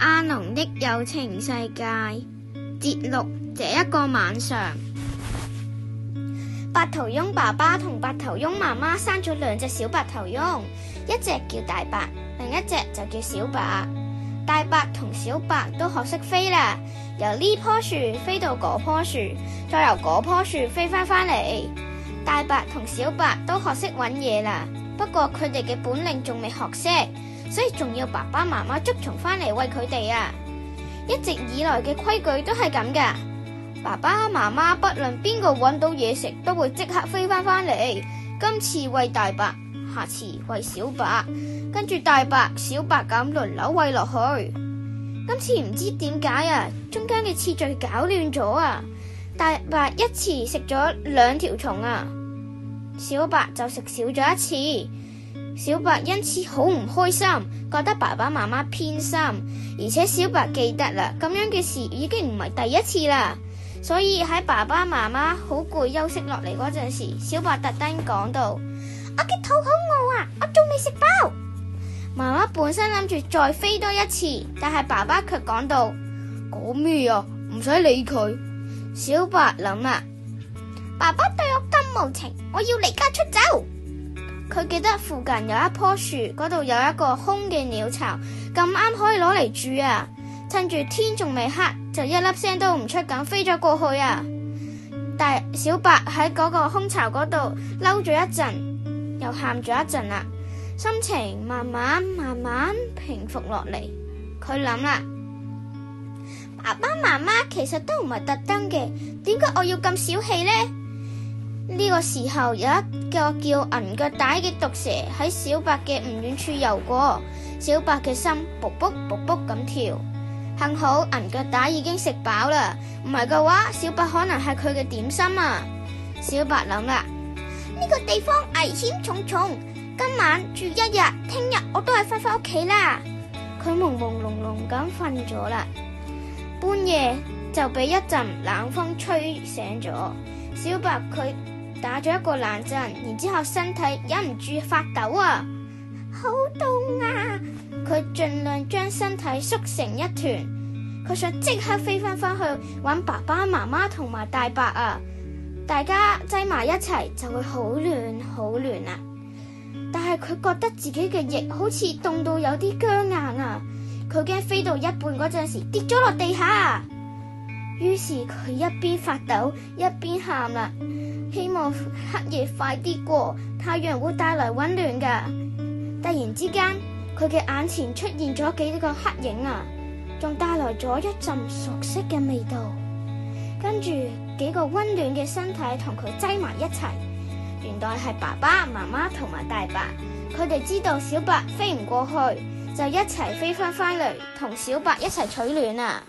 阿濃的有情世界節錄：節錄這一個晚上，白頭翁爸爸同白頭翁媽媽生咗兩隻小白頭翁，一隻叫大白，另一隻就叫小白。大白同小白都學識飛啦，由呢棵樹飛到嗰棵樹，再由嗰棵樹飛翻返嚟。大白同小白都學識揾嘢啦，不過佢哋嘅本領仲未學識。所以仲要爸爸媽媽捉蟲返嚟餵佢哋啊！一直以來嘅規矩都係咁㗎，爸爸媽媽不論邊個揾到嘢食，都會即刻飛返返嚟。今次餵大白，下次餵小白，跟住大白、小白咁輪流餵落去。今次唔知點解啊，中間嘅次序搞亂咗啊！大白一次食咗兩條蟲啊，小白就食少咗一次。小白因此好唔開心，覺得爸爸媽媽偏心，而且小白記得啦，咁樣嘅事已經唔係第一次啦。所以喺爸爸媽媽好攰休息落嚟嗰陣時，小白特登講到：我嘅肚好餓啊，我仲未食飽。媽媽本身諗住再飛多一次，但係爸爸卻講到：講咩啊？唔使理佢。小白諗啊，爸爸對我咁無情，我要離家出走。佢記得附近有一棵樹，嗰度有一個空嘅鳥巢，咁啱可以攞嚟住啊！趁住天仲未黑，就一粒聲都唔出咁飛咗過去啊！但小白喺嗰個空巢嗰度嬲咗一陣，又喊咗一陣啦，心情慢慢慢慢平復落嚟。佢諗啦，爸爸媽媽其實都唔係特登嘅，點解我要咁小氣呢？呢個時候，有一個叫銀腳帶嘅毒蛇喺小白嘅唔遠處游過，小白嘅心噗噗噗噗咁跳。幸好銀腳帶已經食飽啦，唔係嘅話小白可能係佢嘅點心啊！小白諗啦，呢個地方危險重重，今晚住一日，聽日我都係翻翻屋企啦。佢朦朦朧朧咁瞓咗啦，半夜就俾一陣冷風吹醒咗。小白佢打咗一個冷震，然之後身體忍唔住發抖啊，好凍啊！佢盡量將身體縮成一團，佢想即刻飛翻翻去揾爸爸媽媽同埋大伯啊！大家擠埋一齊就會好暖好暖啊！但係佢覺得自己嘅翼好似凍到有啲僵硬啊！佢驚飛到一半嗰陣時跌咗落地下，啊，於是佢一邊發抖一邊喊啦。希望黑夜快啲過，太陽會帶來溫暖噶。突然之間，佢嘅眼前出現咗幾個黑影啊，仲帶來咗一陣熟悉嘅味道。跟住幾個溫暖嘅身體同佢擠埋一齊，原來係爸爸媽媽同埋大伯。佢哋知道小白飛唔過去，就一齊飛翻翻嚟，同小白一齊取暖啊！